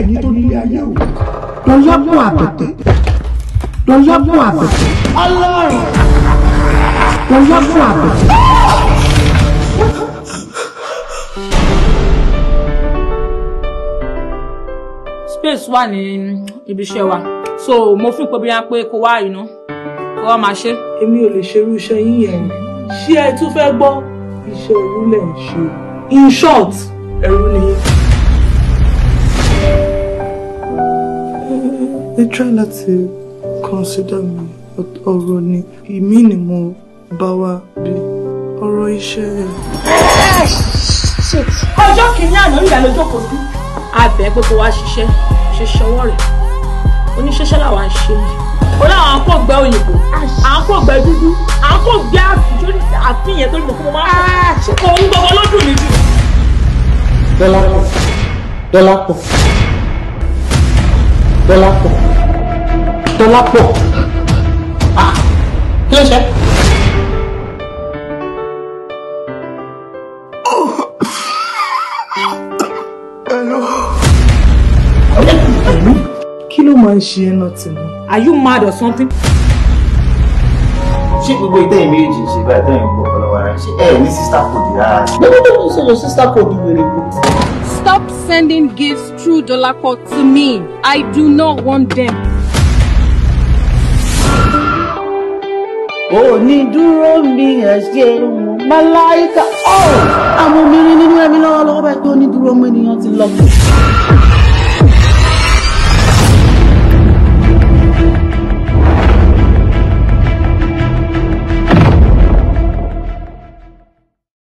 ẹ̀yin tó nílé ayé o. dọ̀yọ́pọ̀ àbẹ̀tẹ̀ dọ̀yọ́pọ̀ àbẹ̀tẹ̀. ọlọ́run. dọ̀yọ́pọ̀ àbẹ̀tẹ̀. space wà ní ibi iṣẹ́ wa so mo fi pé bóyá pé kó wá iná kó wá máa ṣe. èmi ò lè ṣerú iṣẹ́ yín yẹn ṣé ẹ tún fẹ́ gbọ́ iṣẹ́ òru ń ṣe in short ẹ̀rú ni. ẹ try láti consider mi ọ̀rọ̀ ni ìmí ni mo bá wá bí ọ̀rọ̀ iṣẹ́. ọjọ́ kìíní àná ìyá ló jókòó sí abẹ́ gbogbo wa ṣiṣẹ́ ṣe ṣọwọ́ rẹ̀ oníṣẹ́ṣẹ́ làwa ń ṣe yìí ó láwọn akọ̀gbẹ òyìnbó akọ̀gbẹ dúdú akọ̀gbẹ àfijọ́ àfihàn tó ní kó máa kó òun gbogbo ló dùn jù. Dọ́là pọ̀ Dọ́là pọ̀ Dọ́là pọ̀. Dọlápọ̀ ah, kí ló ṣe. kí ló máa ń ṣe ẹnu tìmọ. are you mad or something. She ṣé gbogbo ìtẹ́yìn méjì ṣe báyìí tẹ́yìn gbọ́ ọ̀pọ̀lọpọ̀ ara ṣe Hey, ní sister code rárá. no! tó ń your sister code wèrè kù. Stop sending gifts through Dolapo to me. I do not want them. onídúró mi ẹ̀ ṣe wọn màláìka ọ̀ oh! àwọn obìnrin nínú ẹ̀mí lọ́wọ́lọ́wọ́ báyìí pé onídúró mi ènìyàn ti lọ.